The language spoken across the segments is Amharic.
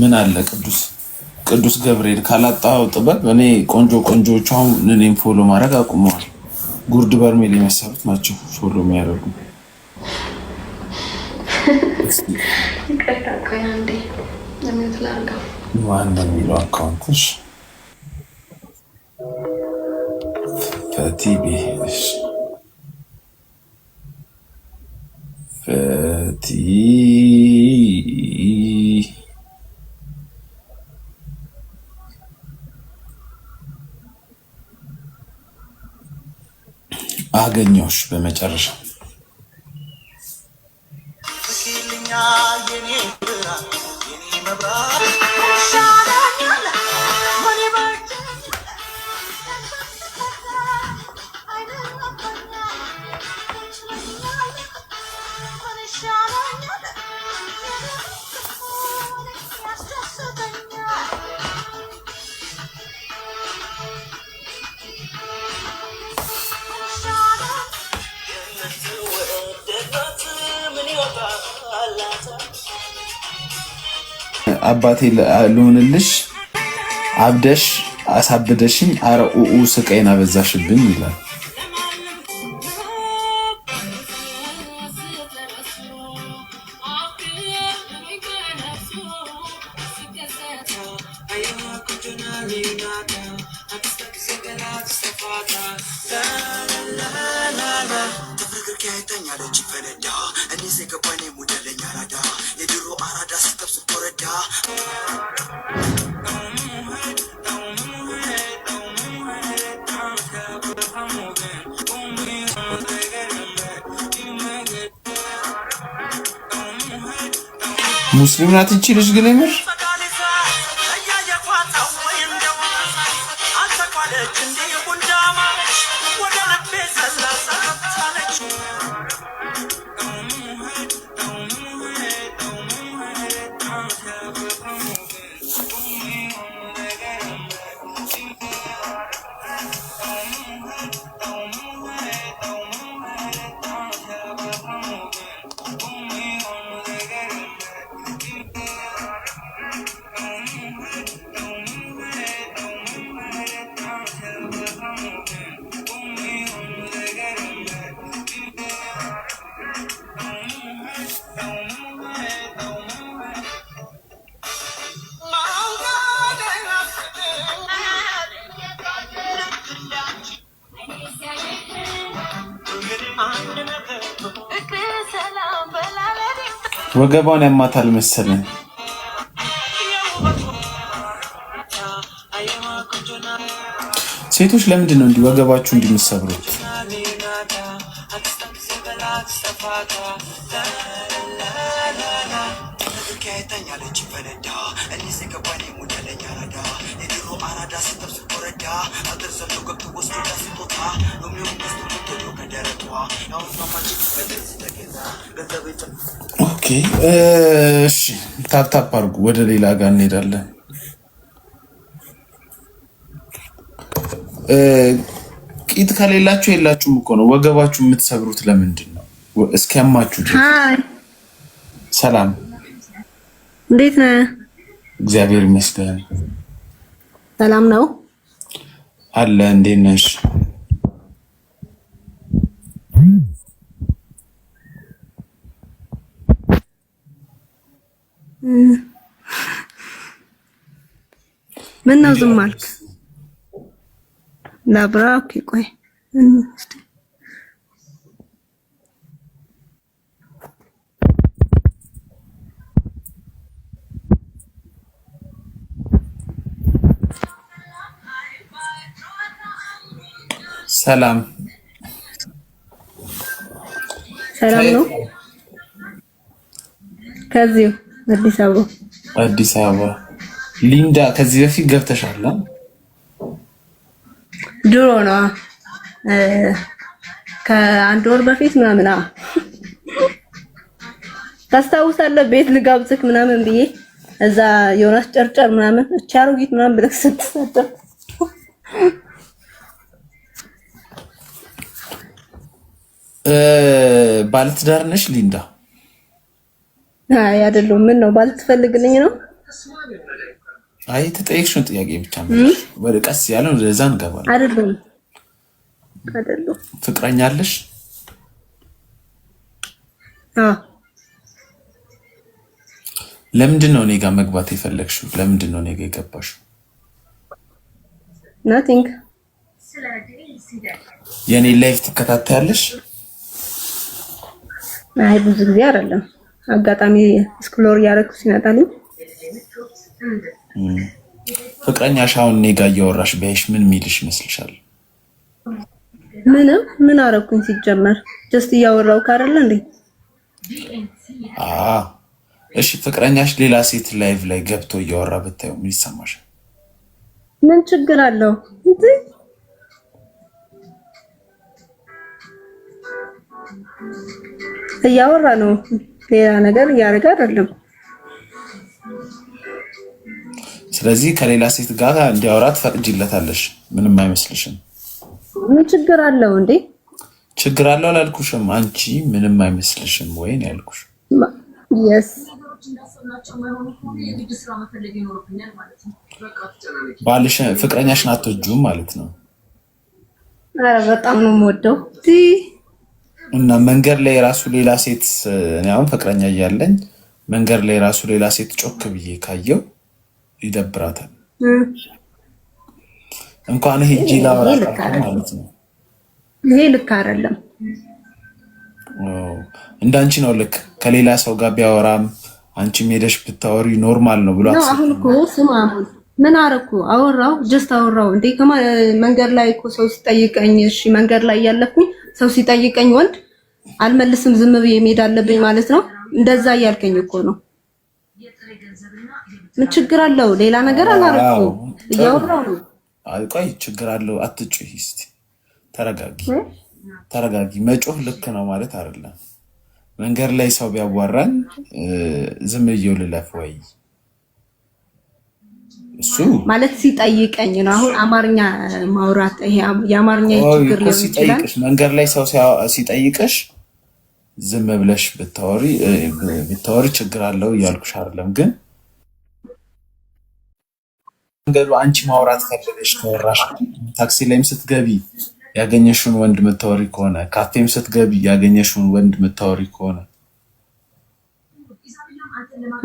ምን አለ ቅዱስ ቅዱስ ገብርኤል ካላጣው ጥበብ እኔ ቆንጆ ቆንጆቹ አሁን እኔም ፎሎ ማድረግ አቁመዋል። ጉርድ በርሜል የመሰሉት ናቸው ፎሎ የሚያደርጉ። ማን የሚለው አካውንትሽ? አገኘሁሽ በመጨረሻ የኔ ብርሃን የኔ መብራት አባቴ ልሆንልሽ አብደሽ አሳብደሽኝ፣ አረ ኡኡ ስቃይን አበዛሽብኝ ይላል። በስልክ ያይታኝ አለች ፈነዳ እኔ ዘገባኔ ሙደለኝ አራዳ የድሮ አራዳ ሲጠብስ ኮረዳ ሙስሊም ናት ይቺ ልጅ ግን የምር ወገቧን ያማታል መሰለኝ። ሴቶች ለምንድን ነው እንዲህ ወገባችሁ እንዲምሰብሩት? እሺ ታፕታፕ አድርጉ። ወደ ሌላ ጋር እንሄዳለን። ቂጥ ከሌላችሁ የላችሁም እኮ ነው። ወገባችሁ የምትሰብሩት ለምንድን ነው? እስኪያማችሁ። ሰላም፣ እንዴት ነህ? እግዚአብሔር ይመስገን። ሰላም ነው አለ። እንዴት ነሽ? ምን ነው ዝም አልክ? ላብራ። ኦኬ ቆይ ሰላም ሰላም ነው ከዚሁ አዲስ አበባ አዲስ አበባ ሊንዳ ከዚህ በፊት ገብተሻል? ድሮ ነው ከአንድ ወር በፊት ምናምን ታስታውሳለህ? ቤት ልጋብዝህ ምናምን ብዬ እዛ የሆነች ጨርጨር ምናምን እቺ አሮጊት ምናምን ብለህ ስትሰጠር ባለትዳር ነሽ ሊንዳ? አይ አይደለም። ምን ነው ባልትፈልግልኝ ነው? አይ ተጠየቅሽው ጥያቄ ብቻ ወደ ቀስ ያለው ለዛ እንገባለን። አይደለም አይደለም። ፍቅረኛ አለሽ? አዎ። ለምንድን ነው እኔ ጋር መግባት የፈለግሽው? ለምንድን ነው እኔ ጋር የገባሽው? ናቲንግ የኔ ላይፍ ትከታተያለሽ? አይ ብዙ ጊዜ አይደለም አጋጣሚ ስክሎር እያደረኩ ሲመጣልኝ ፍቅረኛሽ አሁን እኔ ጋር እያወራሽ ቢያይሽ ምን ሚልሽ ይመስልሻል? ምንም ምን አረኩኝ? ሲጀመር ጀስት እያወራው ካረለ እንዴ እሺ ፍቅረኛሽ ሌላ ሴት ላይቭ ላይ ገብቶ እያወራ ብታዩ ምን ይሰማሻል? ምን ችግር አለው? እያወራ ነው ሌላ ነገር እያደረገ አይደለም። ስለዚህ ከሌላ ሴት ጋር እንዲያወራ ትፈቅጂለታለሽ? ምንም አይመስልሽም? ምን ችግር አለው እንዴ? ችግር አለው አላልኩሽም። አንቺ ምንም አይመስልሽም ወይ ነው ያልኩሽ። ባልሽ ፍቅረኛሽን አትወጂውም ማለት ነው? ኧረ በጣም ነው የምወደው እና መንገድ ላይ የራሱ ሌላ ሴት አሁን ፍቅረኛ እያለኝ መንገድ ላይ የራሱ ሌላ ሴት ጮክ ብዬ ካየው ይደብራታል። እንኳን ሂጂ ላወራ ነው። ይሄ ልክ አይደለም። እንዳንቺ ነው ልክ ከሌላ ሰው ጋር ቢያወራም አንቺም ሄደሽ ብታወሪ ኖርማል ነው ብሎ አሁን እኮ ስማ፣ ምን አረኩ? አወራው ጀስት አወራው እንዴ! መንገድ ላይ እኮ ሰው ሲጠይቀኝ እሺ፣ መንገድ ላይ እያለፍኩኝ ሰው ሲጠይቀኝ ወንድ አልመልስም ዝም ብዬ መሄድ አለብኝ ማለት ነው። እንደዛ እያልከኝ እኮ ነው። ምን ችግር አለው? ሌላ ነገር አላረኩ እያወራሁ ነው። ቆይ ችግር አለው? አትጩሂ እስኪ ተረጋጊ፣ ተረጋጊ። መጮህ ልክ ነው ማለት አይደለም። መንገድ ላይ ሰው ቢያዋራኝ ዝም ብዬው ልለፍ ወይ እሱ ማለት ሲጠይቀኝ ነው። አሁን አማርኛ ማውራት ይሄ የአማርኛ ችግር ሊሆን ይችላል። መንገድ ላይ ሰው ሲጠይቅሽ ዝም ብለሽ ብታወሪ ብታወሪ ችግር አለው እያልኩሽ አይደለም፣ ግን መንገዱ አንቺ ማውራት ከፈለሽ ከወራሽ ታክሲ ላይም ስትገቢ ያገኘሽውን ወንድ ምታወሪ ከሆነ ካፌም ስትገቢ ያገኘሽውን ወንድ ምታወሪ ከሆነ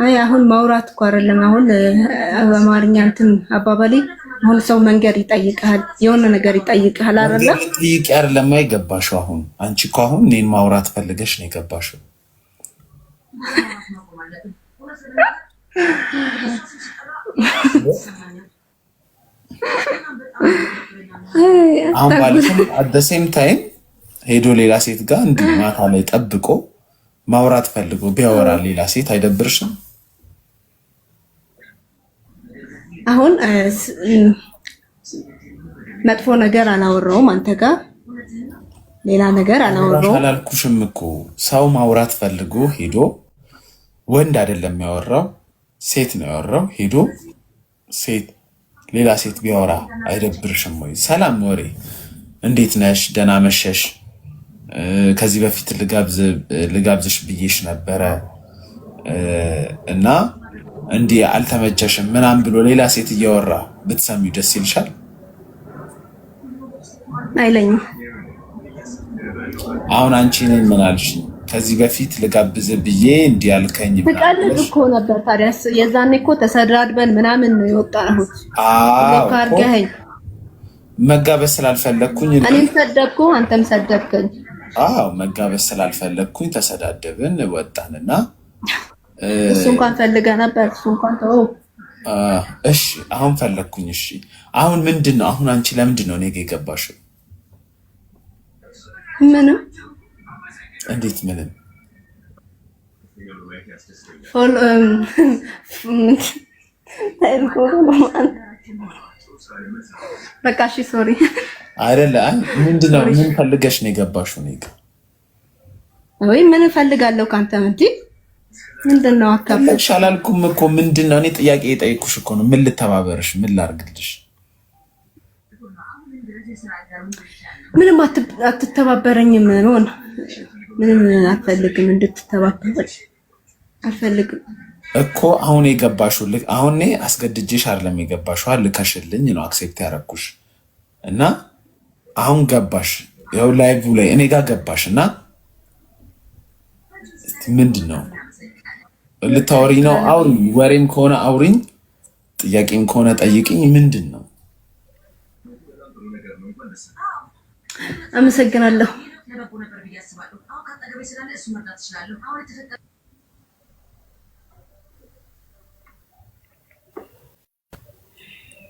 አይ አሁን ማውራት እኮ አይደለም። አሁን አማርኛ እንትን አባባሌ አሁን ሰው መንገድ ይጠይቃል፣ የሆነ ነገር ይጠይቃል አይደለ? ይቅ አይደለም አይገባሽው። አሁን አንቺ እኮ አሁን እኔን ማውራት ፈልገሽ ነው የገባሽው። አሁን ባለፈው አደሴም ታይም ሄዶ ሌላ ሴት ጋር እንዲህ ማታ ላይ ጠብቆ ማውራት ፈልጎ ቢያወራ ሌላ ሴት አይደብርሽም? አሁን መጥፎ ነገር አላወራውም አንተ ጋር ሌላ ነገር አላወራውም። አላልኩሽም እኮ ሰው ማውራት ፈልጎ ሄዶ ወንድ አይደለም ያወራው ሴት ነው ያወራው። ሄዶ ሴት ሌላ ሴት ቢያወራ አይደብርሽም ወይ? ሰላም ወሬ እንዴት ነሽ? ደህና መሸሽ ከዚህ በፊት ልጋብዝሽ ብዬሽ ነበረ እና እንዲህ አልተመቸሽም ምናምን ብሎ ሌላ ሴት እያወራ ብትሰሚው ደስ ይልሻል? አይለኝም። አሁን አንቺ ነኝ ምን አልሽኝ? ከዚህ በፊት ልጋብዝ ብዬ እንዲህ አልከኝ። ትቀልድ እኮ ነበር። ታዲያስ የዛኔ እኮ ተሰዳድበን ምናምን ነው የወጣሁት። አርገኸኝ መጋበዝ ስላልፈለግኩኝ እኔም ሰደብኩ፣ አንተም ሰደብከኝ። አዎ መጋበዝ ስላልፈለግኩኝ ተሰዳደብን፣ ወጣንና እሱ እንኳን ፈልገ ነበር። እሱ እንኳን ተወው። እሺ አሁን ፈለግኩኝ። እሺ አሁን ምንድን ነው? አሁን አንቺ ለምንድን ነው እኔ ጋ የገባሽው? ምንም። እንዴት ምንም? ፎሎ በቃ እሺ፣ ሶሪ አይደለ። ምንድን ነው ምን ፈልገሽ ነው የገባሽው? እኔ ጋር ወይ ምን እፈልጋለሁ ከአንተ ምንድ ምንድን ነው አካባሽ አላልኩም እኮ ምንድን ነው። እኔ ጥያቄ የጠየኩሽ እኮ ነው። ምን ልተባበርሽ? ምን ላርግልሽ? ምንም አትተባበረኝም። ሆን ምንም አትፈልግም፣ እንድትተባበረኝ አልፈልግም እኮ አሁን የገባሽው አሁን እኔ አስገድጄሽ አይደለም የገባሽዋ ልከሽልኝ ነው አክሴፕት ያረኩሽ እና አሁን ገባሽ። ያው ላይቭ ላይ እኔ ጋር ገባሽ እና ምንድን ነው ልታወሪ ነው? አውሪኝ። ወሬም ከሆነ አውሪኝ፣ ጥያቄም ከሆነ ጠይቅኝ። ምንድን ነው? አመሰግናለሁ።